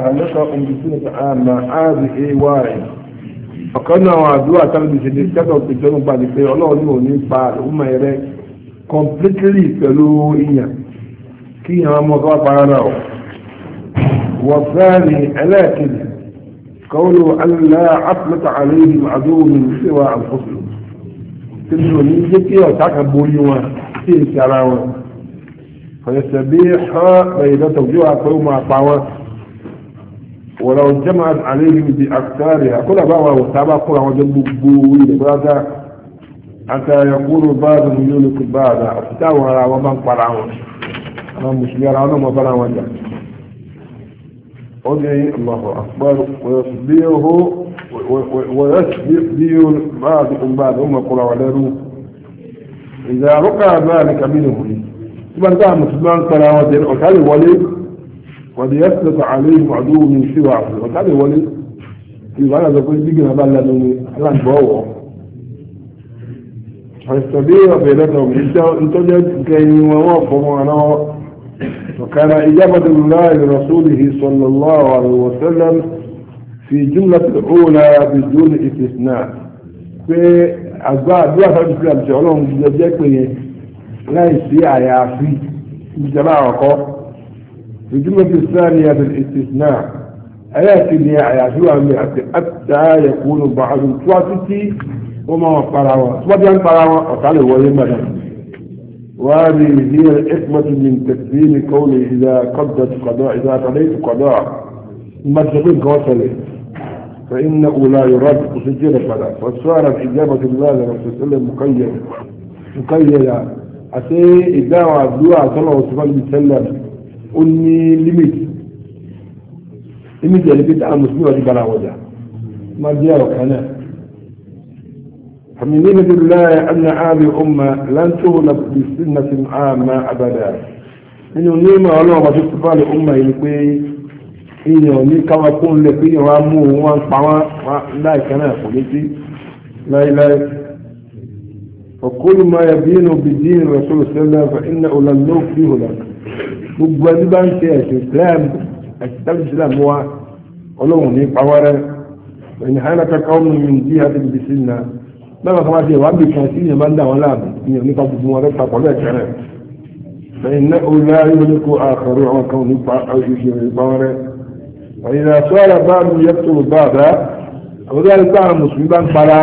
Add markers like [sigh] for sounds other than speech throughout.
نشركم بسنة عامة هذه واحد ọ̀kan náà àwọn àdúrà tábìlì ṣe ní kẹ́tọ̀ ìjọba gbàdé pé ọlọ́run ní òní pa àdúgbò rẹ completely pẹ̀lú ìyàn kí ìyàn ọmọ ọ̀gá para náà ọ̀ wọ́n fẹ́ẹ̀rì ẹlẹ́ẹ̀kejì kọ́wọ́lù alẹ́ àpẹẹtà àlẹ́yìn àdúgbò mi síwá àfọ́sùn tí mi ò ní jẹ́ kí ọ̀tá kan borí wọn sí èsì ara wọn fẹ̀yẹ̀sẹ̀ bí ẹ̀ bẹ̀yẹ̀ lọ́tọ̀ bí wàá pẹ́ wọn àpá wọn. ولو جمعت عليهم بأكثارها كل بابا وتابع كل عوجا بقبول بهذا حتى يقول بعض يملك بعض أفتاوى ومن قرعون أنا مش قرعون وما قرعون أدعي الله أكبر ويصبيه ويصبيه بعض بعض أم قرعون إذا رقى ذلك منه ثم انتهى مسلمان قرعون وكان ولي وليسلط عليهم عدو من سوى عبده وتعالى ولي يبقى أنا بقول بيجي أنا بقى لأنه أنا بقوة فاستبيع بيناتهم أنت أنت كي ووافقوا أنا وكان إجابة الله لرسوله صلى الله عليه وسلم في جملة الأولى بدون استثناء في أسباب دوا فاجي في الأمشي علوم جديد يكوي لا يسيع يعفي بجماعة قوة الجملة الثانية بالاستثناء أياتي نياء يعشوها مئة حتى يكون بعض الصواتي وما وفرها صواتي أنفرها وقال هو وهذه هي الحكمة من تكريم قوله إذا قضت قضاء إذا قضيت قضاء ما تقول كوصله فإنه لا يرد تسجيل فلا فصارت إجابة الله صلى الله مقيدة مقيدة أسي إدعاء الدعاء صلى الله عليه وسلم ó ní límìtì límìtì ẹni pé táwọn mùsùlùmí ọdún bára wọjà má jẹ́ ọ̀kan náà فمن نعمة الله أن هذه الأمة لن تغلب بسنة عامة أبدا nínú nímọ̀ ọlọ́run ọdún tó bá lè ọmọ yìí pé èèyàn ní káwọn kó lè pé èèyàn wá mú òun wá ń pa wọn láìka náà kò létí láéláé ọkùnrin máa yẹ inú bìdí ìrẹsọ̀rọ̀ sẹ́lẹ̀ ẹ̀fọ́ iná ọ̀làlọ́ fi hùlà gbogbo ẹni bá ń ṣe ẹ̀sìn Islam ẹ̀sìn tábìlì Islam wa ọlọ́run ní pàwọ́rẹ́ ẹ̀yìn hànà kankan ọmọ mi jí àti ibi sí nà bẹ́ẹ̀ máa ṣe wàá bì kan sí ìyẹn máa ń dà wọn láàbù ìyẹn nípa gbogbo wọn lọ́ta pọ̀ lẹ́ẹ̀kẹ́ rẹ̀ ẹ̀yìn náà olè ayélujáko àkàrò àwọn kan ní pàwọ́rẹ́ ẹ̀yìn náà sọ́ra bá mi yẹ tó bá bá àwọn ìdájọ́ pé mùsùlùmí bá ń para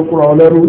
wọn ọ̀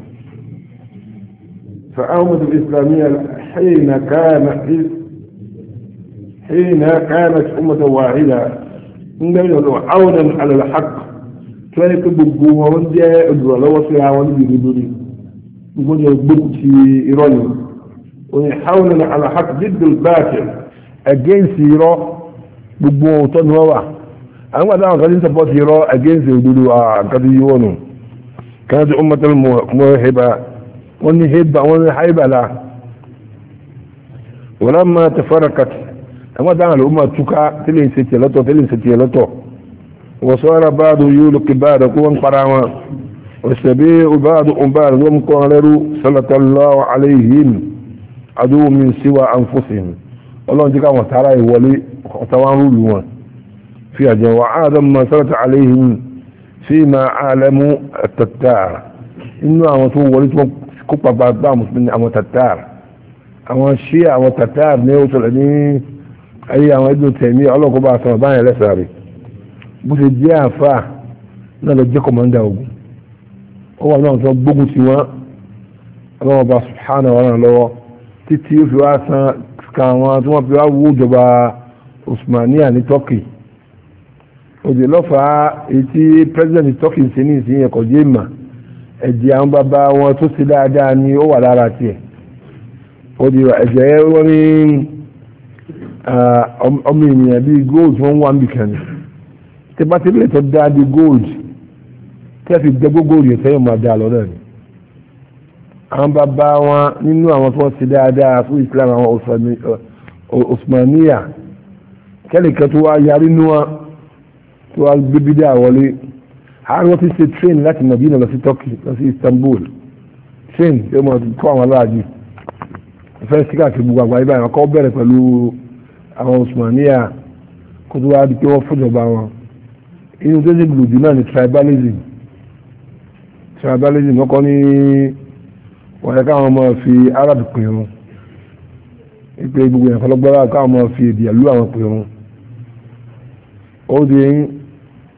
فأومد الإسلامية حين كان حين كانت أمة واحدة نقول عونا على الحق كانت بقوة ونجاء ادرى لو سيها وانجي بدوني نقول إيراني ونحاول على حق ضد الباطل against irọ́ gbogbo ọ̀tọ́ ni wọ́n wà àwọn gbàdá àwọn kan against òdodo àkàtúyí wọ́nù kan ti ummatul wani hibba wani haibala ولما تفرقت لما دعنا الأمة تكا تلين ستي لطو تلين ستي لطو وصار بعض يولك بعض قوان قراما والسبيع بعض أمبار ذم قالوا صلى الله عليهم عدو من سوى أنفسهم الله انتكا كما تعالى ولي وتوانوا لهم في أجل وعادا ما صلت عليهم فيما عالموا التتاع إنه أمتوا ولي kó pàpà bá mùsùlùmí àwọn tatar àwọn ṣí àwọn tatar ní ó sọ̀rọ̀ ní ayé àwọn ẹgbẹ́ tẹ̀mí ọlọ́kọ̀ bá sọ̀rọ̀ báyẹn lẹ́sàá rẹ̀ bó ṣe jẹ́ àfà náà lọ jẹ́ kọ̀mọ́ndà ogun ó wà náà tó gbógun sí wọn ọlọ́wọ́ bá subhanahu wa lọ́wọ́ títí ó fi wá san ka àwọn tí wọ́n fi wá wó ìjọba Usmania ní Turkey òdì lọ́fàá èyí tí president Turkey ṣe ní ìsinyìí ẹ̀kọ́ jẹ́ ìmọ̀ ẹ̀jẹ̀ àwọn bàbá wọn tó ṣe dáadáa ni ó wà lára tiẹ̀ ó di ẹ̀jẹ̀ wọ́n ní ọmọ ènìyàn bíi gold wọ́n wà nìkan ni tẹ́pátẹ́lẹ̀ tó dáa di gold tẹ́sí jẹ́ gbogbo rẹ̀ sẹ́yìn máa dáa lọ́dọ̀ ni àwọn bàbá wọn nínú àwọn tó ṣe dáadáa fún Islam àwọn Osmaniya kẹ́lẹ̀kẹ́ tó wá yarí nú wọn tó wá gbébídà wọlé àwọn ti ṣe train láti Madina lọ sí Turkey lọ sí Istanbul train tí ó mọ̀ kó àwọn aláàjì fẹ́ sí káàkiri gbogbo àgbáyé báyìí wọn kọ́ bẹ̀rẹ̀ pẹ̀lú àwọn Osmania kó tó wáá di pé wọ́n fúnjọba wọn inú tó ṣe gbòdì náà ni tribalism tribalism wọ́n kọ́ ní wọ́n yẹ káwọn ọmọ fi Arab pè wọn ìpè gbogbo ìyànfọlọgbọ́ra káwọn ọmọ fi èdè àlú àwọn pè wọn ó di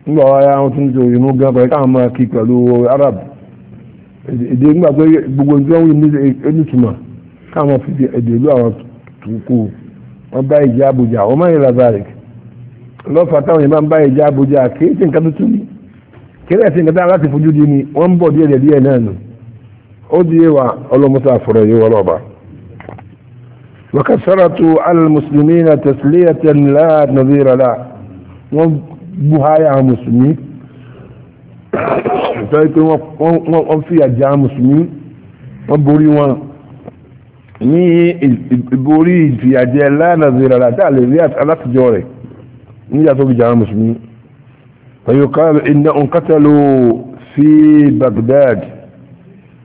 nígbà wáyé àwọn tó ń jò ìmú gan pẹ̀lú káwọn máa kí pẹ̀lú arab èdè nígbà pé gbogbo ìjọ wí nítumọ̀ káwọn máa fi èdè ìlú àwọn kù wọn bá ìjà àbújá wọn máa ń yẹra zarek lọ́fà táwọn yẹn máa ń bá ìjà àbújá kì í ṣe nǹkan tuntun ni kì í rẹ̀ ṣe nǹkan táwọn láti di ni wọ́n ń bọ̀ díẹ̀ díẹ̀ náà nù ó di yé wa ọlọ́mọta àfọ̀rọ̀ yìí wọ́n lọ́ba. وكثرة على المسلمين تسلية لا نظير له buhari àwọn mùsùlùmí sọ [coughs] pé wọ́n fi àjà mùsùlùmí wọ́n borí wọn ní ìborí ìfìyàjẹ lánàzìrà àti àlèrí alátijọ́ rẹ̀ níyà tó fi jà àwọn mùsùlùmí فيقال إنهم قتلوا في بغداد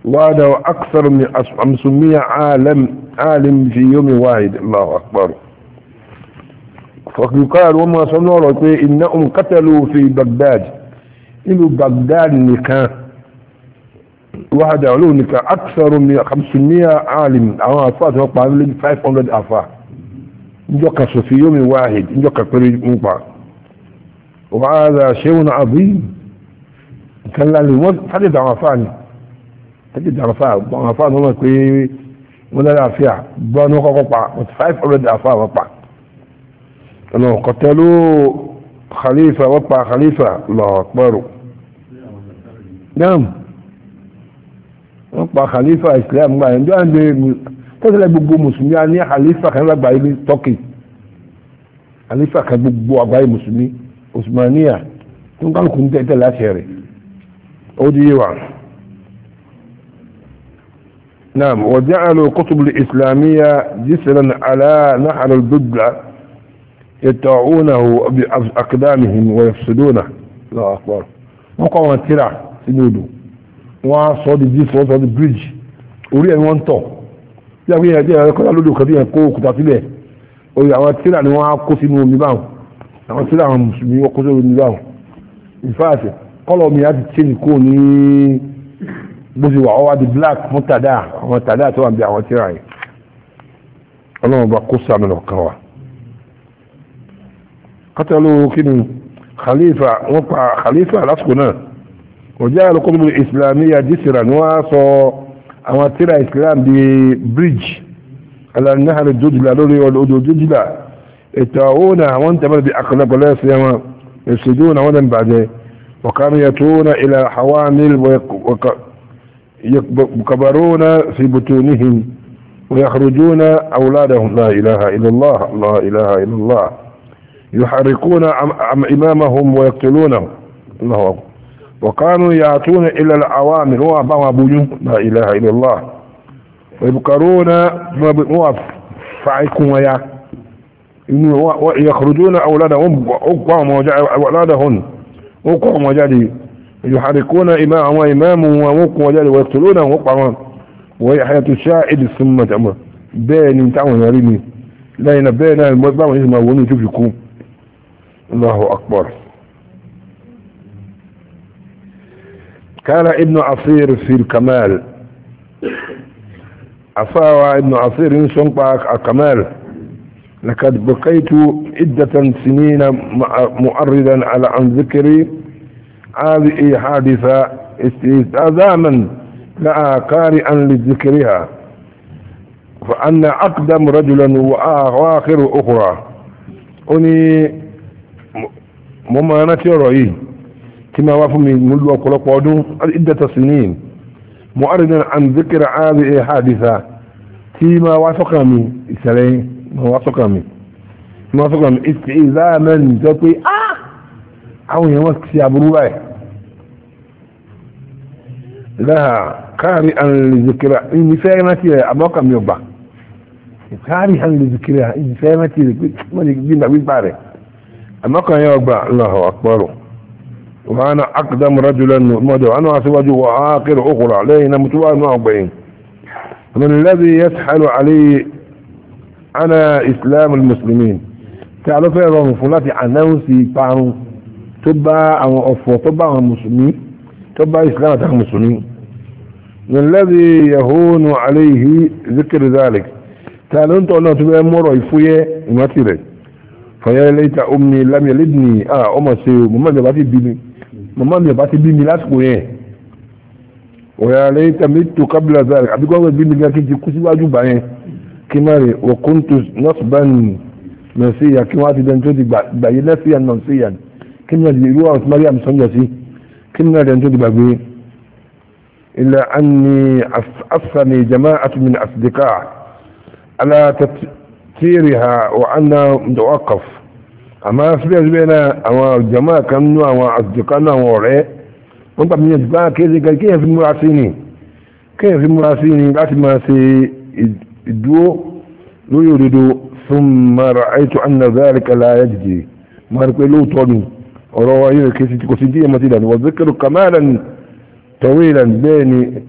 وهذا أكثر من 500 عالم عالم في يوم واحد الله أكبر فقد وما صنعوا إنهم قتلوا في بغداد انه بغداد نكان واحد علوه نكان أكثر من 500 عالم أو أفات وقع 500 أفات نجوك في يوم واحد نجوك يوم واحد وهذا شيء عظيم كان لازم تجد عرفان تجد عرفان عرفان هو كي ولا لا فيها بانوك قطع وتفايف أولاد عرفان قطع lọ kọtẹlú khalifa wọ́n pa khalifa lọ pẹ̀rù dáhùn wọ́n pa khalifa islam gbà yẹn jọ́wọ́n bẹ tọ́sílẹ̀ gbogbo mùsùlùmí a ní khalifa kan lágbàáyé ní turkey khalifa kan gbogbo àgbáyé mùsùlùmí osmania tó ń kálukú ní tẹ́tẹ́ láti rẹ̀ ó di yíwa. نعم وجعلوا الكتب الإسلامية جسرا على نحر البدلة يتعونه بأقدامهم ويفسدونه لا أكبر وقوم الترع سنودو وصاد الجيس وصاد البريج orí ẹni wọ́n tọ̀ bí àwọn èèyàn di ẹ̀rọ kọ́lá lódò kan bí ẹ̀ kó òkúta sílẹ̀ orí àwọn tíra ni wọ́n á kó sínú omi báwọn àwọn tíra àwọn قتلوا كن خليفة وقع خليفة لاسكو وجعلوا وجاء القطب الإسلامية جسرا واصو أما ترى إسلام دي بريج على النهر الدجلة لوري والأدو الدجلة اتعونا وانت بل بأقلب ولا سيما يفسدون ودن بعد وكانوا يتون إلى حوامل ويكبرون في بطونهم ويخرجون أولادهم لا إله إلا الله لا إله إلا الله يحرقون عم إمامهم ويقتلونهم الله أكبر وكانوا يأتون إلى العوامل وأبوا أبوه لا إله إلا الله ويبقرون فعيكم ويا ويخرجون أولادهم أقوام أولادهم أقوام وجالي يحرقون إمامهم وإمامهم وأقوام وجالي ويقتلونهم وهي حياة الشاعد ثم تعمل بين تعمل يريني لا ينبين المبارك ما ونجب يكون الله أكبر كان ابن عصير في الكمال أصاوى ابن عصير شنطة الكمال لقد بقيت عدة سنين مؤردا على عن ذكري هذه حادثة استهزاما لا قارئا لذكرها فأنا أقدم رجلا وآخر أخرى أني mo máa rántí ọ̀rọ̀ yìí tí máa wá fún mi mo lu ọ̀pọ̀lọpọ̀ ọdún ìdẹ́ta sí ní mo zikira hadisa tí máa wá sọ́kàn mi ìṣẹ̀lẹ̀ máa wá sọ́kàn mi máa wá sọ́kàn mi ìṣẹ̀ ìzáàmẹ́ nìjọ pé ah! àwọn èèyàn wọ́n ti aburú báyìí láà káàrí أما كان يوقع الله أكبر وأنا أقدم رجلا مدعو أنا أسواجه وآخر أخرى علينا متوان وأربعين من الذي يسحل علي أنا إسلام المسلمين تعرف يا رب فلاتي أناونسي بان تبا أو أفو تبا أو مسلمين تبا إسلام تبا مسلمين من الذي يهون عليه ذكر ذلك تعالوا أنتوا انتوا تبا ويفوية يفوية fọyẹ́ lẹ́yìntà omi lámìẹ́ lẹ́dìní à ọmọ se o mọ̀mọ́ mi ò bá ti bí mi mọ̀mọ́ mi ò bá ti bí mi lásìkò yẹn ọ̀yà lẹ́yìntà mi tó kábílà zari àbí gbọ́dọ̀ bí mi gan kí n ti kú síwájú bá yẹn kí má rè wọ́kùntù nọ́ọ̀sì báyìí nọ̀síyà kí wọ́n á ti dẹni tó ti gbà yé nọ́ọ̀síyà nọ̀síyà kí ni ọ̀dì irú àwọn mariam sọ́njọ́ sí kí ni ọ̀dẹni tó ti gbàgbé ilẹ̀ àni afsani jama'a min asidika ala tati سيرها وأنها متوقف أما أسبيع بينا أما الجماعة كانوا أما أصدقائنا وراء وانت من يجبع كيف كيف المراسيني كيف المراسيني بعد ما سيدو ليريدو ثم رأيت أن ذلك لا يجدي ما ركلو توني وروايه كيف تكسنتي مثلا والذكر كمالا طويلا بيني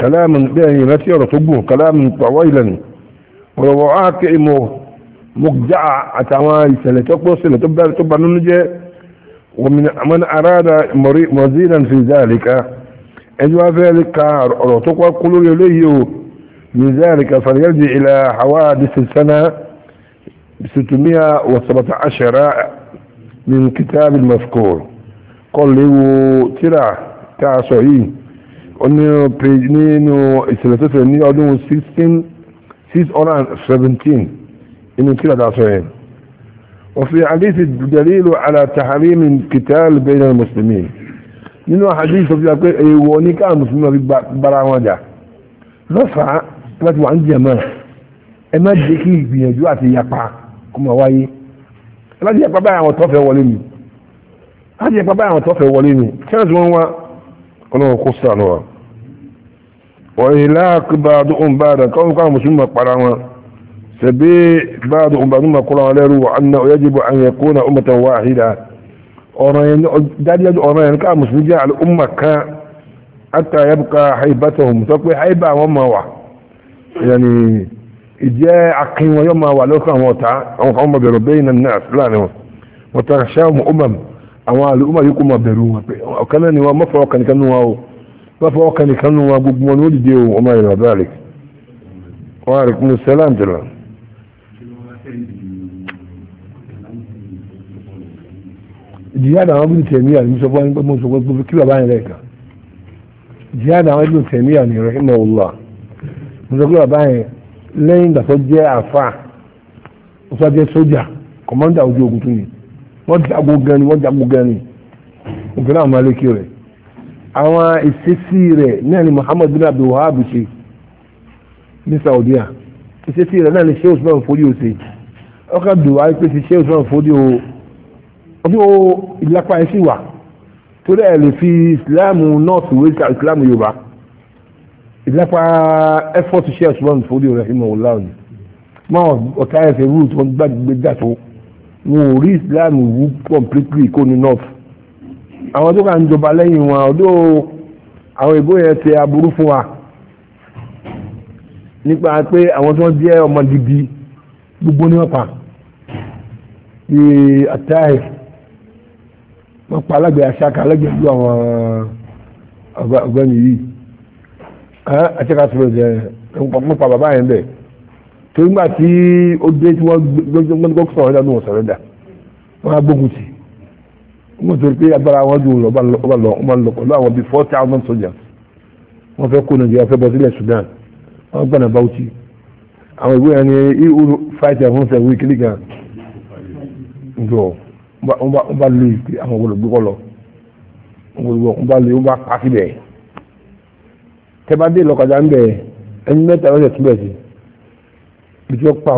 كلاما بيني لا تيرى كلاما طويلا ọ̀rọ̀wọ̀ ákẹ́ ìmọ̀ mọ̀gbà àtàwọn ìṣẹ̀lẹ̀ tó pọ̀ sílẹ̀ tó bá nínú jẹ́ wọ́n aráàdà mọ̀zílẹ̀ fi záàríká ẹni wá fẹ́ ríka ọ̀rọ̀ tó kọ́ kú lórí olóyìí o ní záàríká fàríyàjì ilẹ̀ hawa disisana situmiya wasabata ashara min kitabi mafkur kọlewo tírà ta sọ yìí nínú ìṣẹ̀lẹ̀ tó fẹ́ ní ọdún 16 617 إن كلا دعسين وفي حديث الدليل على تحريم القتال بين المسلمين من حديث في أقول أي ونكا مسلمين براواجا رفع رفع عن جماعة أما الدكي بيجوات يقع كما واي الذي yẹ pápá àwọn tó fẹ́ wọlé mi láti yẹ pápá àwọn tó fẹ́ wọlé وإلاك بعضهم بعضا كون كان مسلم قرانا سبي بعضهم بعضهم قرانا لروا أنه يجب أن يكون أمة واحدة أورين دليل أورين كان مسلم جاء الأمة كان حتى يبقى حيبتهم تقوي حيبة وما واحد يعني إجاء عقيم ويوم ولو كان وطع أو بيرو بين الناس لا نوم وتغشاهم أمم أو الأمة يقوم بيرو وكان نوا مفرقا كانوا lọ́fọ́ ọkàn nìkan nù wọn gbogbo wọn ni ó dìde ohun ọmọ ìrìn àbúrà rẹ̀ wọn àrẹ kún sẹ́lá ǹjẹ̀lá. jihad àwọn ibi tẹ̀mí àti musokwa ní pẹ́ẹ́mú sọ pé kí bàbá yẹn lẹ́ẹ̀kan jihad àwọn ibi tẹ̀mí àti rahimahullah musokwa bàbá yẹn lẹ́yìn ìgbà tó jẹ́ àfa ó sọ jẹ́ sójà ojú ogun tún ni wọ́n jago gan ni wọ́n jago gan ni òkè náà àwọn ìṣesí rẹ̀ náà ni Muhammad bin Abdul Wahab ṣe ní Saudiya ìṣesí rẹ̀ náà ni Sheikh Usman Fodio ṣe ọkọ̀ dùwà pé ti Sheikh Usman Fodio ọdún ìlápá ẹ̀ sì wà torí ẹ̀ lè fi ìsìláàmù nọ́ọ̀tù wé ká ìsìláàmù Yorùbá ìlápá effort Sheikh Usman Fodio rahimahullah ni máa ọ̀tá ẹ̀fẹ̀ rúùtù wọn gbàgbé dàtó wọn ò rí ìsìláàmù wú completely kó ní nọ́ọ̀tù àwọn tó kà ń jọba lẹ́yìn wọn ọdọ́ àwọn ìbò yẹn ṣe aburú fún wa nípa pé àwọn tó jẹ́ ọmọ gidi gbogbo ní wọ́n pa ní àtàì wọ́n pa alágbèé aṣáka alágbèé ìlú àwọn ọgbẹ́ni yìí aṣáka tó lọ́jẹ́ wọ́n pa bàbá yẹn bẹ̀ tó nígbà tí ó dé tí wọ́n gbọ́dọ̀ sọ̀rọ̀ dà ní wọ́n sọ̀rọ̀ dà wọ́n wọ́n ti rí pé agbára wọn ju lọ ọba lọ ọba lọ pẹ̀lú àwọn bíi four thousand soldiers wọ́n fẹ́ kó nàìjíríà fẹ́ bọ́ sílẹ̀ Sudan wọ́n gbọ́nà Bauchi àwọn ìwé yẹn ní eu fight ẹ̀ fún sẹ́wìn kiri gan jọ wọ́n bá lè pé àwọn olùgbé kọ́ lọ wọ́n bá lè wọ́n bá pa síbẹ̀ tẹ́bá dé lọ́kadà ń bẹ̀ ẹni mẹ́ta lọ́sẹ̀ túbẹ̀ sí bí tí wọ́n pa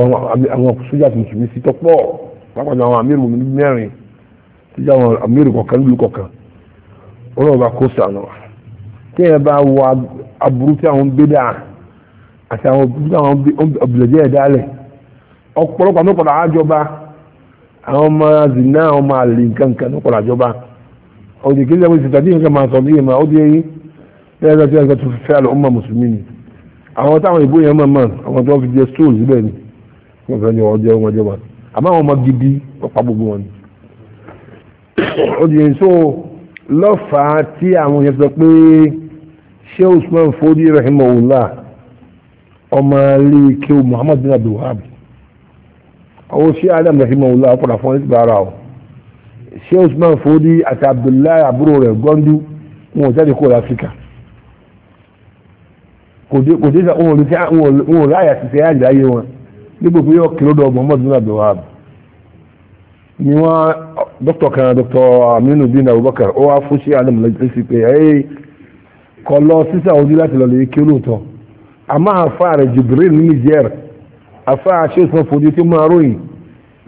àwọn sójà tuntun sí tọ́pọ̀ pápá àwọn àmì ìrùn mẹ́rin tí àwọn amírí kọ̀ọ̀kan lù kọ̀ọ̀kan ọlọ́run bá kó sànù wa tí ẹ bá wọ aburú tí àwọn gbé dáa àti àwọn tí àwọn ọ̀bìlẹ̀jẹ́ ẹ̀ dálẹ̀ ọ̀pọ̀lọpọ̀ àwọn ọ̀pọ̀lọpọ̀ àjọba àwọn ọmọ zina àwọn ọmọ àlè nǹkan nǹkan ní ọ̀pọ̀lọpọ̀ àjọba ọ̀dì kí lẹ́wọ̀n ìsìtà tí nǹkan máa sọ bí ìmọ̀ ọdún yẹn lẹ́yìn tí wọ́n ti fẹ́ àlọ́ ọmọ mùsùlùmí ni àwọn táwọn ìbò yẹn mọ̀ mọ̀ àwọn tí fi jẹ stóòlù síbẹ̀ ni wọ́n fẹ́ ní ọjọ́ wọn jẹ́ wọn àmọ́ àwọn ọmọ gidi ọ̀pá gbogbo wọn ni òdìyẹ [coughs] tó lọ́fàá tí àwọn yẹn sọ pé ṣé usman fodi rahimahullah ọmọ ilé ike muhammad bin abdul wahab àwọn ṣé adam rahimahullah ọkọ̀dà fún ẹ̀sìn bàárà o ṣé usman fodi àti abdullahi àbúrò rẹ̀ gọ́ndú wọn ò jáde kó láfíríkà kò dé sa wọn ò ráyà ti sẹ́yà ìdáyé wọn nígbà pé yọ kìlódọ̀ muhammad bin abdul wahab ni wọ́n dr kan dr aminu bin abubakar ó wá fún sí alam lẹ́sí pé ẹ kọ lọ sísá ojú láti lọ lè kí olóòótọ́ àmọ́ àfa rẹ̀ jibril ní niger àfa àṣeṣan fojú tí máa ròyìn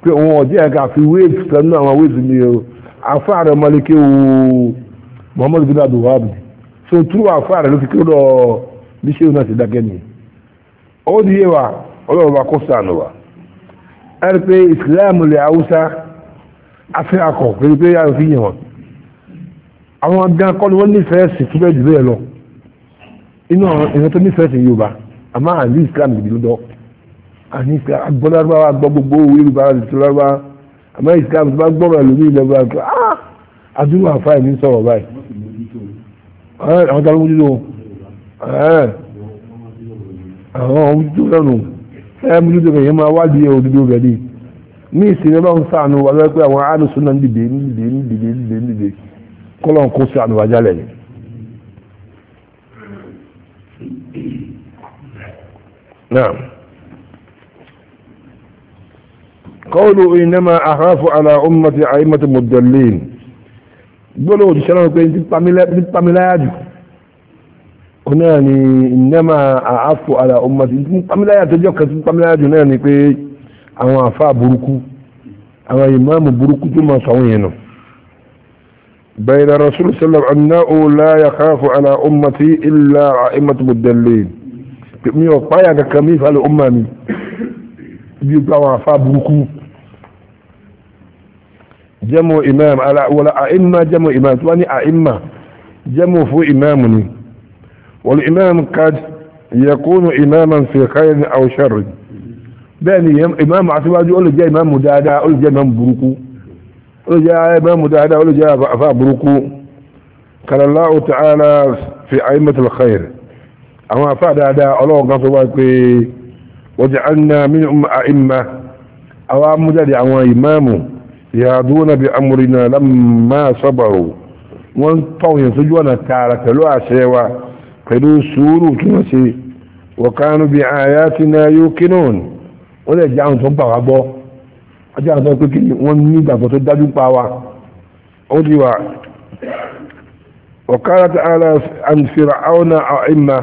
pé òun ọ̀jẹ́ ẹ̀ka àfi waves sẹ́nu àwọn waves ni o àfa rẹ̀ malike o muhammadu bin abdulwahab so turu àfa rẹ̀ ló fi kí lọ bí náà ti dákẹ́ ni ó di yé wa ọlọ́run bá kó sànù wa ẹ pé ìsìlámù lè haúsá afẹ́ akọ̀ pẹ̀lú pé yára fi yàn wọ́n àwọn gan kọ́ ni wọ́n nífẹ̀ẹ́ sí fún bẹ́ẹ̀ jù bẹ́ẹ̀ lọ inú àwọn ìran tó nífẹ̀ẹ́ sí Yorùbá àmọ́ àní Islam gidi lọ́dọ̀ àní Islam agbọ́lárúbáwá gbọ́ gbogbo owó Yorùbá àtìlárúbá àmọ́ Islam tó bá gbọ́rọ̀ ẹ̀lòmí ìlọ́gbà tó ah adúrú àfáì ní sọ̀rọ̀ báyìí àwọn tó ń mójútó àwọn mójútó lọ́nu ẹ̀ mójútó kẹ̀yẹ́ máa wádìí òdodo bẹ̀rẹ̀ ní ìsinmi ọlọ́run ṣàánú wa lọ́wọ́ pé àwọn alùsùn náà ń dìde ń dìde ń dìde ń dìde ń dìde kọ́lọ́n kó ṣàánú wa jálẹ̀ ni. náà kọ́ọ̀lù ìnáma àhàfù àlà ọmọdé àyèmọ́tò mọ̀dọ́lẹ́yìn gbọ́dọ̀ òjíṣẹ́ náà pé ní pamíláyà jù ọ̀nà ni ìnáma àhàfù àlà ọmọdé ní pamíláyà tó jọ́ kan sí jù náà ni pé. àwọn àfáà burúkú àwọn ìmáàmù burúkú tó máa sọ̀wọ́n yẹn nù. بين الرسول صلى الله عليه وسلم أنه لا يخاف على أمتي إلا أئمة مدلين mi ò páyà kankan mi ìfàlẹ̀ ọmọ mi bí o gba àwọn afá burúkú jẹ́mu imam ala wọlé àìmá jẹ́mu imam tí wọ́n ní àìmá jẹ́mu fún imam ni wọlé imam kad yakunu imaman fi khairin aw sharrin bẹ́ẹ̀ni ìmáàmù aṣíwájú ó lè jẹ́ ìmáàmù dáadáa ó lè jẹ́ ìmáàmù burúkú ó lè jẹ́ ìmáàmù dáadáa ó lè jẹ́ àfáà burúkú kalallahu ta'ala fi aimatul khair àwọn àfáà dáadáa ọlọ́wọ́n kan sọ wá pé waj'alna minhum a'imma àwọn amújáde àwọn ìmáàmù yahduna bi amrina lamma sabaru wọ́n tọ́wọ̀n sójú ọ̀nà tààrà pẹ̀lú àṣẹ pẹ̀lú sùúrù tí wọ́n ṣe wa kanu bi ayatina yuqinun wọ́n lè jẹ́ àwọn tó ń gbà wá gbọ́ ajá àwọn tó ń pé kí wọ́n ní ìgbàgbọ́ tó dájú pa wa ó di wa ọ̀kára ta ara an fìrà àwọn àìmà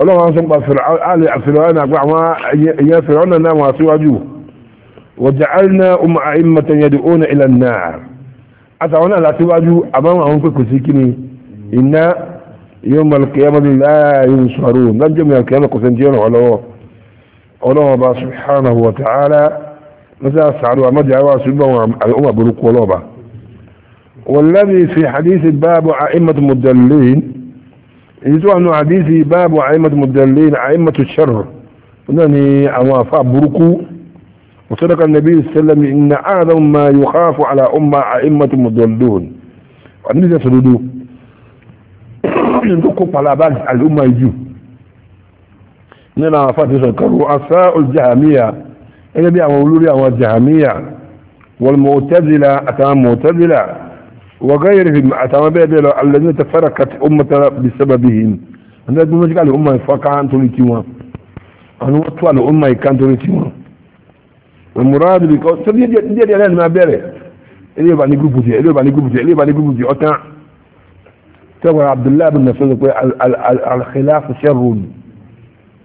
ọlọ́run àwọn sọ́npa fìrà àwọn àgbà àwọn èèyàn fìrà àwọn náà wọ́n síwájú wọ́jà àìmà um ọmọ àìmà tó yẹdi ó na ilẹ̀ náà àtàwọn náà látíwájú àbáwọn àwọn pé kò sí kí ni iná yóò mọ̀ kìyàmọ́ láàyè sọ̀rọ̀ lájọ́ mi kìyàmọ́ kò sẹ́ni tí yóò ràn lọ́wọ́ ọlọ́ọ̀bá subhanahu wa ta'ala سعد sàárù àmọ́jà wá ṣùgbọ́n al'umma burúkú ọlọ́ọ̀bá والذي في حديث باب أئمة المدلين يتوى أنه حديث باب أئمة المدلين أئمة الشر أنني أوافى بركو وصدق النبي صلى الله عليه وسلم إن أعظم ما يخاف على أمة أئمة المدلون وأنه يسردو يقول على بعض الأمة يجوه nínú فاتي afáàtìsàn kọlu الجهمية olùjàmíyà بيع مولوريا والجهمية olórí àwọn jàmíyà وغيرهم الذين تفرقت امتنا بسببهم انا دون ذلك الامه فكان تلتيوا انا وطوا لأمة كان تلتيوا المراد بيقول تبي دي دي انا ما بره اللي بني جروب دي بني جروب دي بني جروب دي تبع عبد الله بن مسعود الخلاف شر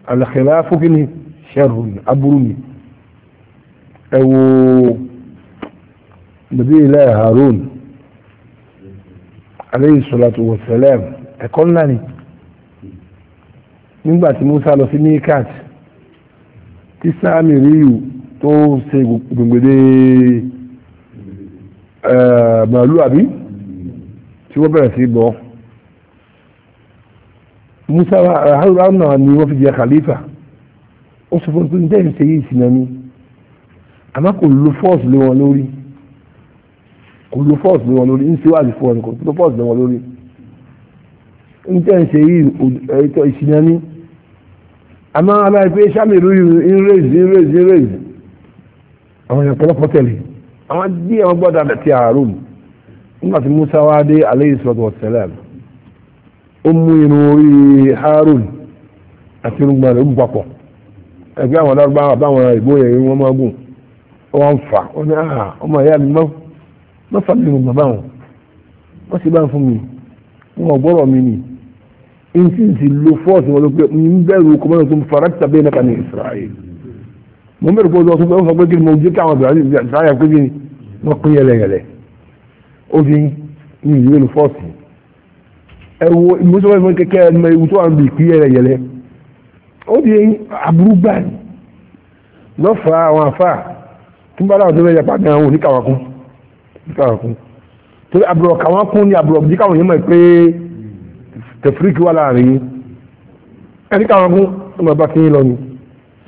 alxilafu kini sharrun aburuni ẹ wo nabi ilayi harun aleyhi salatu wa salam ẹ̀kọ́ ńlá ni nígbà tí musa lọ sí mikat tí sáàmì ríyù tó ṣe gbòǹgbèdè màálù àbí tí wọ́n bẹ̀rẹ̀ sí bọ́ musa haruna ni wọ́n fi jẹ khalifa ó sọ fún un pé ǹjẹ́ ìṣe yìí sì náà ni àmọ́ kò lo force lé wọn lórí kò lo force lé wọn lórí ń ṣe wà lè fún wọn kò lo force lé wọn lórí ǹjẹ́ ìṣe yìí ètò ìṣìnà ni àmọ́ aláì pé sami rúyù ń rèzì ń rèzì ń rèzì àwọn èèyàn pọ̀lọpọ̀ tẹ́lẹ̀ àwọn díẹ̀ wọn gbọ́dọ̀ àbẹ̀tí àárò nígbà tí musa wá dé alayhi salatu wa salam ọmọ irun orí harun àti irun gbọ́n rẹ̀ ń papọ̀ ẹgbẹ́ àwọn alárúbáwá báwọn ìbò yẹn wọ́n máa gùn wọ́n ń fà wọ́n ní àhà ah, ọmọ ìyá mi má fà mí irun bàbá wọn wọ́n sì bá ń fún mi wọn ò gbọ́rọ̀ mi nì ìsìnsì lo fọ́ọ̀sì wọn ló pé ń bẹ̀rù kọ́mọ́nà tó ń fara tàbí ẹ̀nà kan ní Israel mo ń bẹ̀rù kó lọ sọ fún pé mo jẹ́ káwọn Israel pé kí wọ́n pín yẹlẹyẹlẹ ó fi ń ìlú fọ́ọ̀sì ẹ̀wọ̀ ìmúṣọ́fẹ́ fún kẹ́kẹ́ ẹ̀mọ ewu tó wà ń bì kí ẹ̀rẹ̀ yẹlẹ ó di aburú gbà ní lọ́fà àwọn àfà tí bá láwọn tó fẹ́ yapa gan àwọn oníkàwákún oníkàwákún torí àbúrò kàwákún ni àbúrò bí káwọn yẹn mọ̀ pé tẹ̀fíríkì wà láàrin ẹ̀ríkàwákún ó máa bá kí ń lọ ni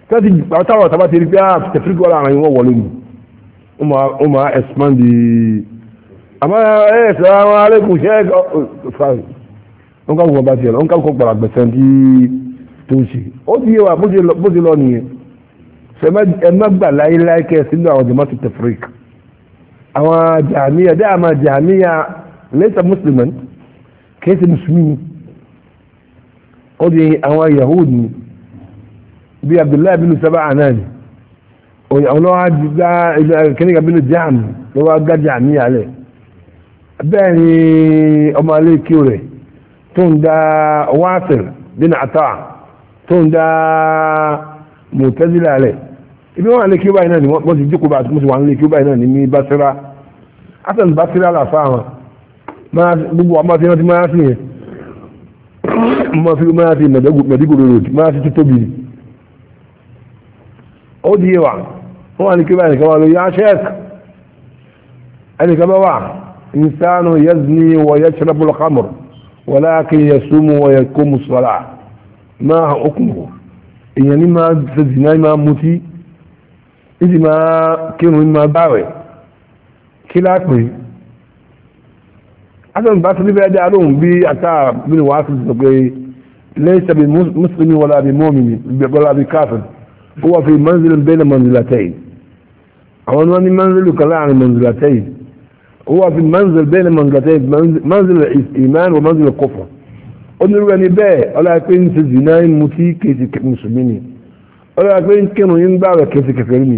tẹ́tí àtàwọn àtàwọn ti rí pé ah, tẹ̀fíríkì wà láàrin wọn wọlé ni ó máa expand the àmọ́ ẹ̀ sọ́ra wọn alẹ́kùn ṣẹ́ wọn kàwọn bá tiẹ̀ lọ wọn kàwọn gbàrà gbẹ̀sẹ̀ tí tó ń ṣe ó ti yé wa bó ti lọ nìyẹn sọ ẹ má gbà láéláé kẹ sínú àwọn jama tó tẹfrik àwọn jàmíyà dé àmà jàmíyà lẹ́sà mùsùlùmí kẹsì mùsùlùmí ó di àwọn yahud ni bí abdullahi bin saba anani àwọn lọ́wọ́ gbá kẹ́nìkà bin jam lọ́wọ́ gbá jàmíyà lẹ̀ bẹ́ẹ̀ ni ọmọ alẹ́ kí rẹ̀ tun da bin ata tun da ibi wọn lè kí báyìí náà ni wọ́n ti jókòó bá àtúnṣe wọn lè kí báyìí náà ni mi basira asan basira là fáwọn gbogbo àwọn ọmọdé wọn ti máa fi yẹn mo fi máa fi máa fi ó di wa wọ́n ní kí báyìí nìkan wà lórí ẹnìkan bá wà ولكن يصوم ويقوم الصلاة ما حكمه يعني ما تزنا ما موتي إذا ما كانوا ما باوي كلا كوي هذا الباس اللي بيدي علوم بي أتى من واسط ليس بمسلم ولا بمؤمن ولا بكافر هو في منزل بين منزلتين أو أنه منزل كلا عن منزلتين هو في المنزل بين منزلتين منزل الإيمان ومنزل الكفر onírú ẹni bẹ́ẹ̀ ọlọ́yà pé ń ṣe zina ń mutí kejì mùsùlùmí ni ọlọ́yà pé ń kírun ń gbà rẹ̀ kejì kẹfẹ́ ni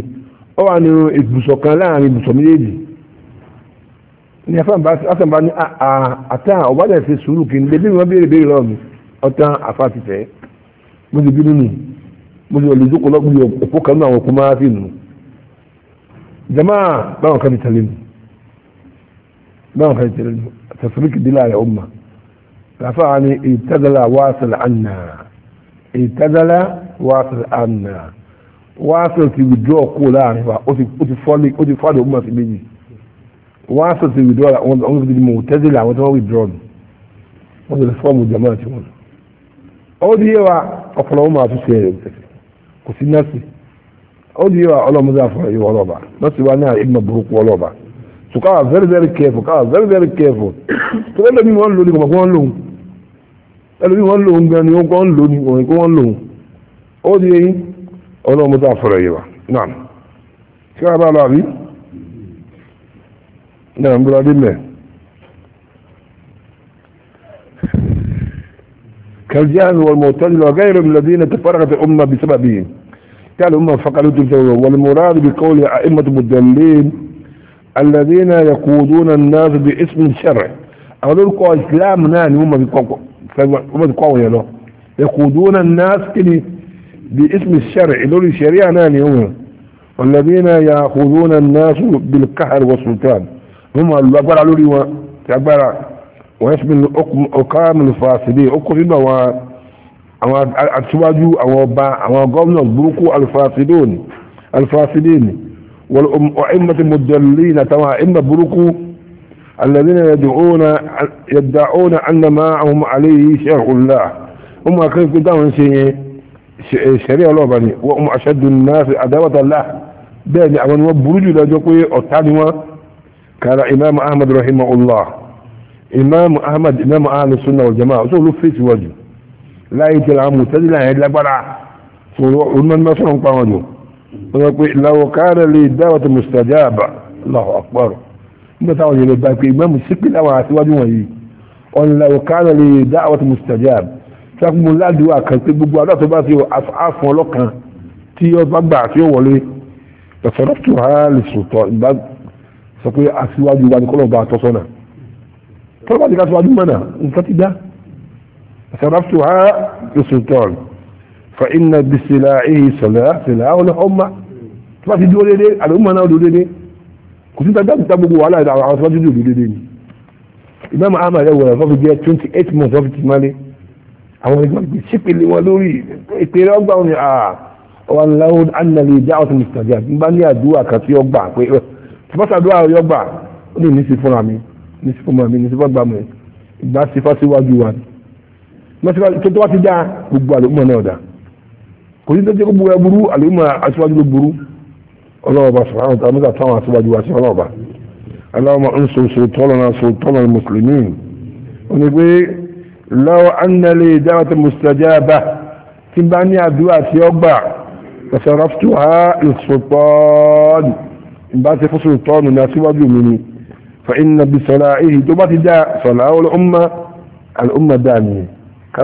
ọ wà ní ibùsọ̀ kan láàrin ibùsọ̀ méjèèjì ní afẹ́nbá ní àtà ọ̀bádà ṣe sùúrù kí n lè bí wọ́n béèrè béèrè lọ́wọ́ mi ọ̀tá àfa ti fẹ́ mo ti bínú nù mo ti olùdókòó lọ́gbìn òpó kan nínú àwọn òkú máa fi nù jama báwọn kan ti tẹ̀lé mi. ما هي تفريق دلالة أمة رفعني ابتدل واصل عنا ابتدل واصل عنا واصل في withdraw kó láàrin wa ó ti fọ́lé ó ti fọ́lé ọmọ sí méjì واصل في withdraw àwọn ọmọ sí mọ̀ tẹ́sílẹ̀ àwọn tí wọ́n withdraw nù wọ́n ti fọ́ọ̀mù jama ti wọn. ó di yé wa ọ̀pọ̀lọpọ̀ máa tún ṣe ẹ̀rọ tẹ̀sẹ̀ kò sí nọ́ọ̀sì ó di yé wa ọlọ́mọdé àfọ̀rọ̀ yìí wọ́n lọ́ba nọ́ọ̀sì wa náà ìgbà burúkú wọ́n lọ́ba fukawa very very careful fukawa very very careful tó lẹ́lẹ́ mi wọ́n lò ní kọ̀ọ̀kan wọ́n lò ó ẹlòmí wọ́n lò ó gan ni wọ́n lò ó ní òun kó wọ́n lò ó ó di eyín ọlọ́run mo tó àfọ̀rọ̀ yìí wa náà kí wọ́n bá lọ àbí náà ń búra dé mẹ́ كالجهل والمعتزلة وغيرهم الذين تفرقت الأمة بسببهم قال الأمة فقالوا والمراد بقول أئمة المدلين الذين يقودون الناس باسم الشرع أولو لكم إسلام ناني هم بيقوا بيقوا يا لو يقودون الناس كلي باسم الشرع دول الشريعة ناني هم والذين يأخذون الناس بالقهر والسلطان هم اللي أقبل على لوري وتعبر ويشمل أقام الفاسدين أقصد أو أتسواجو أو با أو قوم الفاسدون الفاسدين والأئمة المدلين تما أئمة بركو الذين يدعون يدعون أن ما هم عليه شرع الله هم كيف كنتم شريعة الله بني وهم أشد الناس عداوة الله بين أمن وبرج لا جوكوي أتانوا قال إمام أحمد رحمه الله إمام أحمد إمام أهل السنة والجماعة سولو في سواجه لا يتلعى متدلا إلا برع سولو من ما صنعوا قاموا لو كان لي دعوة مستجابة الله أكبر ما تعود إلى باك إمام السكي لو عاتواج وهي قال لو كان لي دعوة مستجاب تقوم لا دعاء كان تبقوا لا تباسي أسعاف ولقا تيو بقبع تيو ولي تصرفتها للسلطان بعد سكوي أسواج وبعد كل بعد تصنع طبعا دي كانت وعدو منا انت تدا تصرفتها للسلطان فإن بسلاعه سلاع سلاع الأمة ما في دول ليه الأمة أنا دول ليه كنت تدام تبقوا على إذا عرفت ما في دول ليه إمام أحمد أول ففي جاء 28 months ففي تمالي àwọn ẹgbẹ́ ti ṣípè lé wọn lórí ìpèrè ọgbà wọn ni àwọn aláwọ̀ annalè dáwọ̀ tó mùsùlùmí àti bá ní àdúrà kan tí ó gbà pé eh, tìpọ́sàdúrà yọ gbà ó ní sí fúnra mi ní fúnra mi ní fúnra mi ìgbà sí fásíwájú wa ni tó ti dá gbogbo àlòmọ́ náà dáa kò ní tẹ́tẹ́ gbogbo ẹ burú àlùmọ́ aṣíwájú ló burú ọlọ́ọ̀bá sọ̀rọ̀ àwọn tàbí àtàwọn aṣíwájú wa sí ọlọ́ọ̀bá aláwọ̀ ń so so tọ́lọ̀ náà so tọ́lọ̀ ní mùsùlùmí wọn ni pé lọ́wọ́ annalé dáwọ́tà mustajaba tí bá ní àdúrà tí ó gbà ọ̀sẹ̀rọ̀fútù ha ìsòpọ́ọ̀nù ìbá ti fún sòtọ́ọ̀nù ní aṣíwájú mi ni fa inna bi sọ̀rọ̀ èyí tó bá ti dá sọ̀rọ̀ àwọn ọmọ àlùmọ̀ dáa nìyẹn ká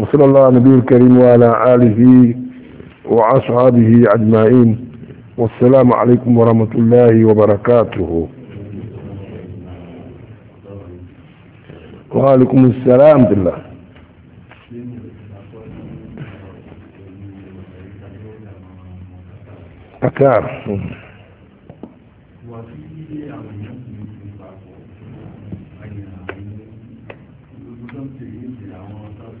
وصلى الله على نبي الكريم وعلى آله وأصحابه أجمعين والسلام عليكم ورحمة الله وبركاته وعليكم السلام بالله أكار àwọn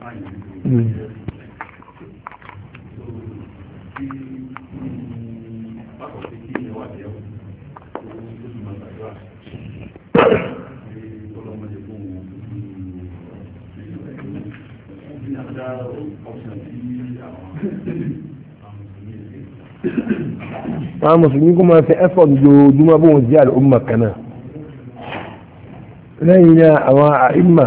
mùsùlùmí kó máa fi effort lójoojúmọ́ bó wọn jẹ́ àlùmọ̀ kan náà lẹ́yìn náà àwọn àìmà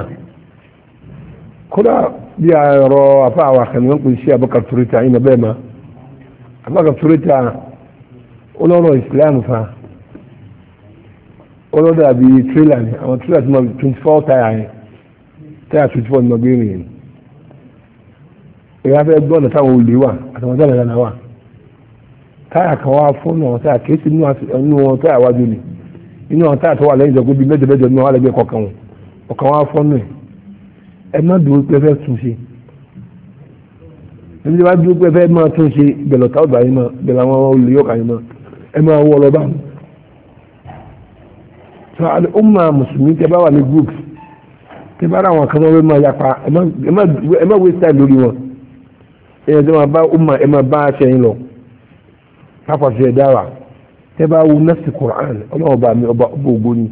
kódà bí a yọrọ afa àwọn akẹni wọn kò sí abakar turita ina bẹ́ẹ̀ ma abakar turita olóró islam fa olóró dàbí tírélà ni àwọn tírélà ti ma twenty four táyà yẹn táyà twenty four ni ma gbé rìn yẹn ìyá fẹ́ gbọ́dọ̀ táwọn olè wà àtàwọn táwọn ìlànà wà táyà kan wá fún náà táyà kéésì nínú wọn táyà wájú ni inú wọn táyà tó wà lẹ́yìn ìjọba bíi mẹ́jọ mẹ́jọ nínú wọn alẹ́gbẹ́ kọ̀ọ̀kan wọn ọ̀kan wá fún náà ẹ má dúró pé ẹ fẹ́ tún ṣe ẹni tí wàá dúró pé ẹ fẹ́ máa tún ṣe bẹ̀rẹ̀ ọ̀tá ọ̀gbà yín mọ́ bẹ̀rẹ̀ àwọn olùyọ̀kà yín mọ́ ẹ máa wọ ọlọ́ba mu. sọ àlẹ́ ó máa mùsùlùmí tẹ bá wà ní group tẹ bá ráwọn kan wọ́n máa yapa ẹ má waste time lórí wọn ẹ jẹ́ máa bá ó máa ẹ máa bá aṣẹ yín lọ pápá ṣe dáwà tẹ bá wo nọ́ọ̀sì Qur'an ọlọ́wọ́ bá mi ọba ògbóni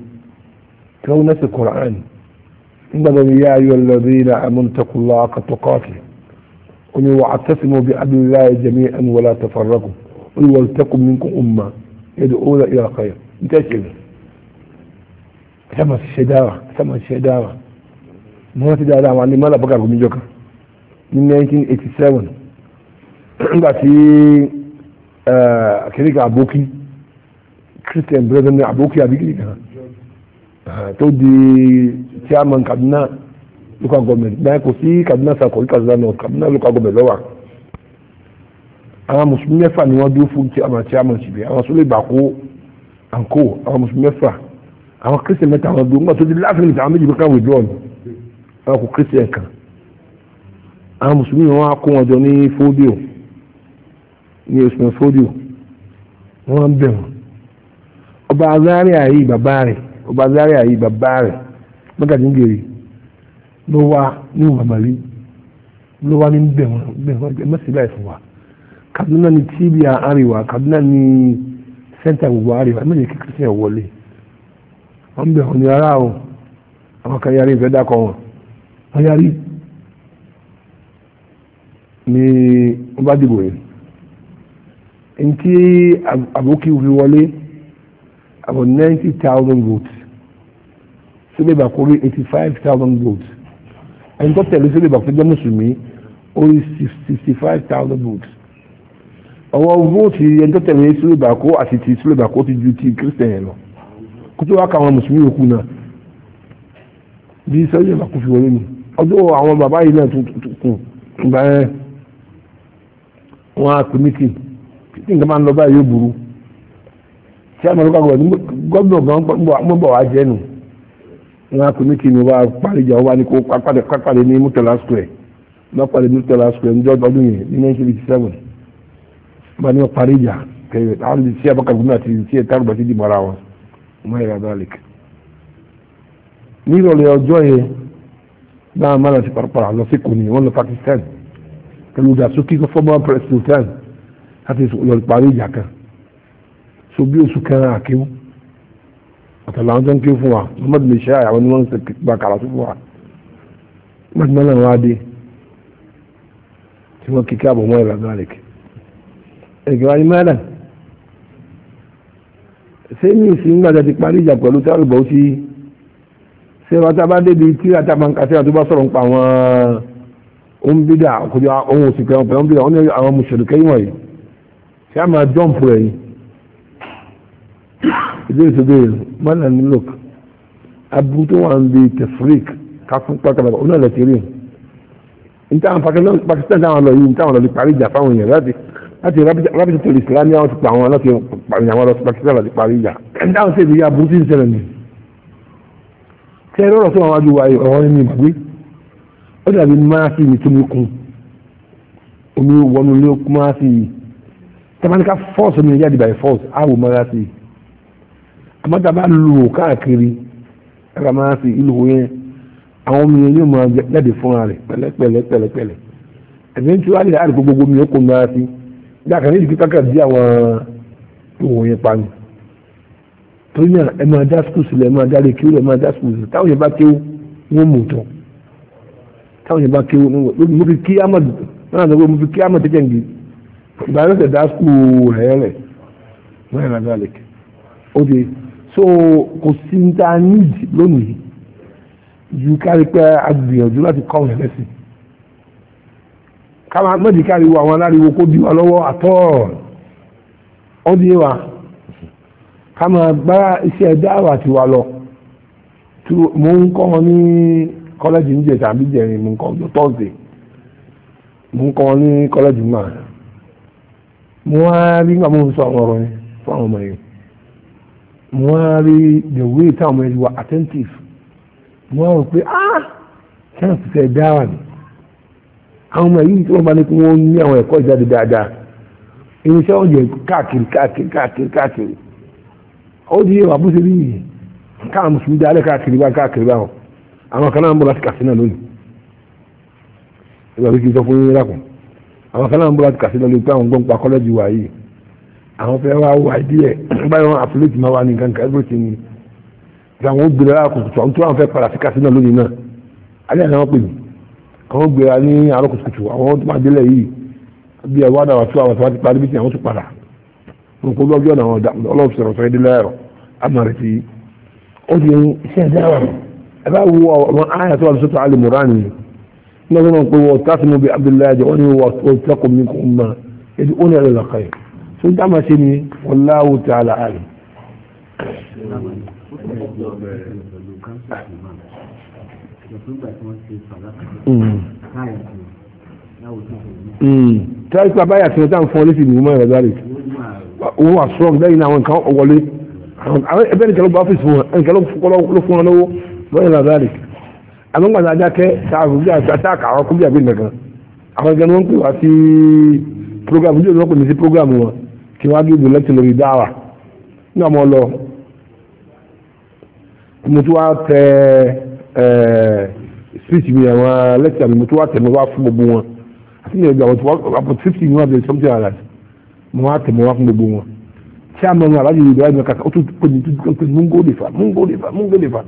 tẹ bá wo nọ́ọ̀sì Qur'an nígbàgbọ́ ya ayyuha alladhina amantu llaha haqqa tuqatih ó ní wa'tasimu bihablillahi jami'an wa la tafarraqu ó ní waltakum minkum ummatun yad'una ila al-khayr ní tẹ́sí sama ṣe dáwà sama ṣe dáwà mo ti dáadáa àwọn alimọ́lá bọ́kà gómi jọ kan ní 1987 nígbà tí kìrìkà àbókí christian brethren àbókí àbíkìrì kan tó di chairman kaduna local government báyìí kò sí kaduna south kò sí kaduna north kaduna local government lọ́wọ́ àwọn mùsùlùmí mẹ́fà ni wọ́n dúró fún chairman chairman síbi àwọn sọlẹ̀ ìbàkú àǹkó àwọn mùsùlùmí mẹ́fà àwọn christian mẹ́ta àwọn dúró nígbà tó di last minute àwọn méjì bí káwọn withdraw ni àwọn kò christian kan àwọn mùsùlùmí wọn á kó wọn jọ ní fódíò ní oṣù fódíò wọn bẹ̀ wọn ọba azaria yìí bàbá rẹ̀ ọba azaria yìí bàbá rẹ̀ mọ́gàdíngèrè ló wá ní ìwàmàrí ló wá ní bẹ̀rẹ̀ mẹ́sìlá ìfún wa Kaduna ni tibia àríwá Kaduna ni sẹ́ńtà gbogbo àríwá mẹ́jẹ̀ kí kírísítẹ̀ wọlé wọ́n bẹ̀rẹ̀ wọn ni ara wọn àwọn kan yarí ìfẹ́ dákọ̀ wọn wọ́n yarí ni wọ́n bá dìbò yìí ntí àbókí wọlé about ninety thousand votes sílẹ̀bà kó rí eighty five thousand votes ẹni tó tẹ̀lé sílẹ̀bà kó jẹ́ mùsùlùmí ó rí sixty five thousand votes ọwọ́ vote ẹni tó tẹ̀lé sílẹ̀bà kó àti ti sílẹ̀bà kó ti ju ti kírísítẹ̀n lọ kó tó wá ka àwọn mùsùlùmí yòókù náà bí sílẹ̀bà kó fi wọlé ni ọjọ́ àwọn bàbá yìí náà tuntun ìgbà yẹn wọn á pè mí kì tí nǹkan máa ń lọ báyìí yóò burú tí a máa lọ ká gbọ́dọ̀ gbọ́dọ̀ gan gbọ́dọ̀ wá jẹ nù wọn kò ní kí ni wọn parí ìjà wọn wá ní kó pápádé ní murtala square lọ́pàdé murtala square ní ọdún yẹn ní nineteen eighty seven wọn ni wọn parí ìjà kẹyọ àwọn ti sí abakar gómìnà àti sí ẹ tárùbà ti di mọ́ra wọn wọn yẹra dalek. nírọ̀lẹ́ ọjọ́ yẹn náà má lọ sí parapara lọ sí kòní wọn lọ Pakistan pẹ̀lú ìdàsókè fọ́mọ́ president tan láti lọ parí ìjà kan so bí oṣù kan àkéwù àtàlàwọn tó ń ké fún wa muhammadu lè ṣe àyàwó ni wọ́n ń gba kàràtú fún wa muhammadu náà wá dé tí wọ́n kíkẹ́ àbọ̀ mọ́ ìlà garlic ẹ̀gbẹ́ wa ni mẹ́rin ṣé ní ìsìn gbàdá ti parí ìjà pẹ̀lú táwọn ìbọn ti ṣé wa tá a bá débi tí àtàbànkà tí a tó bá sọ̀rọ̀ ń pa àwọn ohun bídà kò jọ ohun òsìkẹ́ wọn pẹ̀lú àwọn mùsùlùkẹ́ yìí wọ̀nyí ṣé a máa jọ́ǹpù rẹ̀ ìbéèrè tó béèrè mọ́nà ní look aburú tó wà ń bi tefrik káfún pákàlà ọ̀nà lẹ́tìrì nítawọn Pakistan táwọn lọ yìí nítawọn lọ lè parí ìjà fáwọn èèyàn láti láti rábìtì tó lè Islam yà wọ́n ti pa àwọn láti pàmì àwọn lọ sí Pakistan láti parí ìjà nítawọn sì ìyá aburú ti ń ṣẹlẹ̀ nìyí tẹ ẹrọ sọ àwọn adúwà ọ̀rọ̀ ní ìgbé ó dàbí máàsì ní tómi kun omi wọnú lé máàsì tabanika force omi jáde by force àwò máàsì yìí àmọ́tà bá lò káàkiri ẹ̀ka máa fi ìlú yẹn àwọn omi yẹn yóò máa jáde fúnra rẹ̀ pẹ̀lẹ́pẹ̀lẹ́ pẹ̀lẹ́pẹ̀lẹ́ eventually àdìpọ̀ gbogbo omi yẹn kò máa fi yàtọ̀ ní ìdíkí kákà bí àwọn ìwọ̀n yẹn pa ni torí náà ẹ máa dá skul sílẹ̀ ẹ máa dá lè kíwò ẹ máa dá skul sílẹ̀ táwọn yẹn bá kéwò wọ́n mú tán táwọn yẹn bá kéwò wọ́n mú kí kí amad náà lọ́wọ́ mú kí kí amad tẹ́tẹ́ ngi ìbáraẹ̀sẹ̀ dá skul rẹ̀ rẹ̀ wọ́n yẹn náà dá lè kí ó di so kò sí ní ta níìdì lónìí ju kárí pé agbìyànjú láti kọ́ ọ̀rẹ́ lẹ́sìn káma mọ́dì kárí wo àwọn aláriwo kó bí wa lọ́wọ́ àtọ́ ọ́n di wa káma bá iṣẹ́ dáwà ti wa lọ mo ń kọ́ wọn ní kọ́lẹ́jì níjẹ̀ tàbí jẹ̀rin mo ń kọ́ ọjọ́ tọ́sídẹ̀ mo ń kọ́ wọn ní kọ́lẹ́jì náà mo wá rí nígbà mo ń sọ ọ̀rọ̀ yẹn fún àwọn ọmọ yẹn wọ́n rí the way táwọn ọmọ ẹni wà attentive wọ́n rò pé ah chance fẹ́ dára ni àwọn ọmọ yìí tí wọ́n bá ní kí wọ́n ní àwọn ẹ̀kọ́ ìjáde dáadáa irinṣẹ́ ọ̀jẹ̀ káàkiri káàkiri káàkiri káàkiri ó di ewa bó ṣe rí yìí káà mùsùlùmí dá alẹ́ káàkiri bá káàkiri báwọn àwọn kan náà ń bọ̀ láti Katsina lónìí ìwà bí kì í sọ fún yín rákùn àwọn kan náà ń bọ̀ láti Katsina lónìí pé àwọn gbọ́n pa kọ́lẹ́jì wà yìí àwọn fẹ́ wá wá díẹ̀ báyìí wọn àfúlẹ̀tì máa wà ní nǹkan kan ẹgbẹ́ tèmi tí àwọn gbèrè àkùtù àwọn tó àwọn fẹ́ padà sí kásínà lónìí náà alẹ́ àná wọn pè mí àwọn gbèrè ní àárọ̀ kùtùkùtù àwọn tó máa délẹ̀ yìí bí ẹ wá dàwà tó àwọn tó wá ti parí bí ti àwọn tó padà wọn kò lọ́jọ́ náà ọlọ́run sọ̀rọ̀ sọ̀rọ̀ délẹ̀ ẹ̀rọ amọ̀rẹ̀ ti ó ti ń ṣe dáwà ẹ bá wo àwọn àyà tó wà lóṣù tó alẹ́ mùránì náà wọn pé wọ́n tásìmọ́ bí abdullahi jẹ́ wọ́n ní wọ́n tẹ́kọ̀ọ́ mi kò mọ̀ ẹ̀dí ó ní ẹ̀rọ lọ́kàn yìí tó dámà sí ni wallahu ta'ala alim hmm. tẹ́lifí abáyà tí wọ́n dá ń fọ́ lé sí ìlú mọ́ ẹ̀rọ rẹ̀ wọ́n wà strong lẹ́yìn náà àwọn nǹkan wọlé ẹgbẹ́ nìkan ló gba ọ́fíìsì fún wọn nǹkan ló fún wọn lówó lọ́yìn ẹ̀rọ rẹ̀ àwọn gbàgbà adákẹ́ sáàbù bí àtàkà àwọn kúbíà bí nìkan àwọn ẹgbẹ́ wọ́n pè wá sí program ojú ìlú wọn pè mí sí program wọn kí wọ́n á dúró lẹ́tì lórí dáwà ní ọmọ lọ mo tún wá tẹ ẹ speech mi àwọn lẹ́tì àmì mo tún wá tẹ mo wá fún gbogbo wọn àti ní ẹgbẹ́ àwọn tí wọ́n fifty ní wọ́n bẹ̀rẹ̀ something like that mo wá tẹ mo wá fún gbogbo wọn tí a mọ̀ wọn aláàjì ìdúrà ìdúrà kàkà ó tún kò ní tún kò ní mú ń gòlè fà mú ń gòlè fà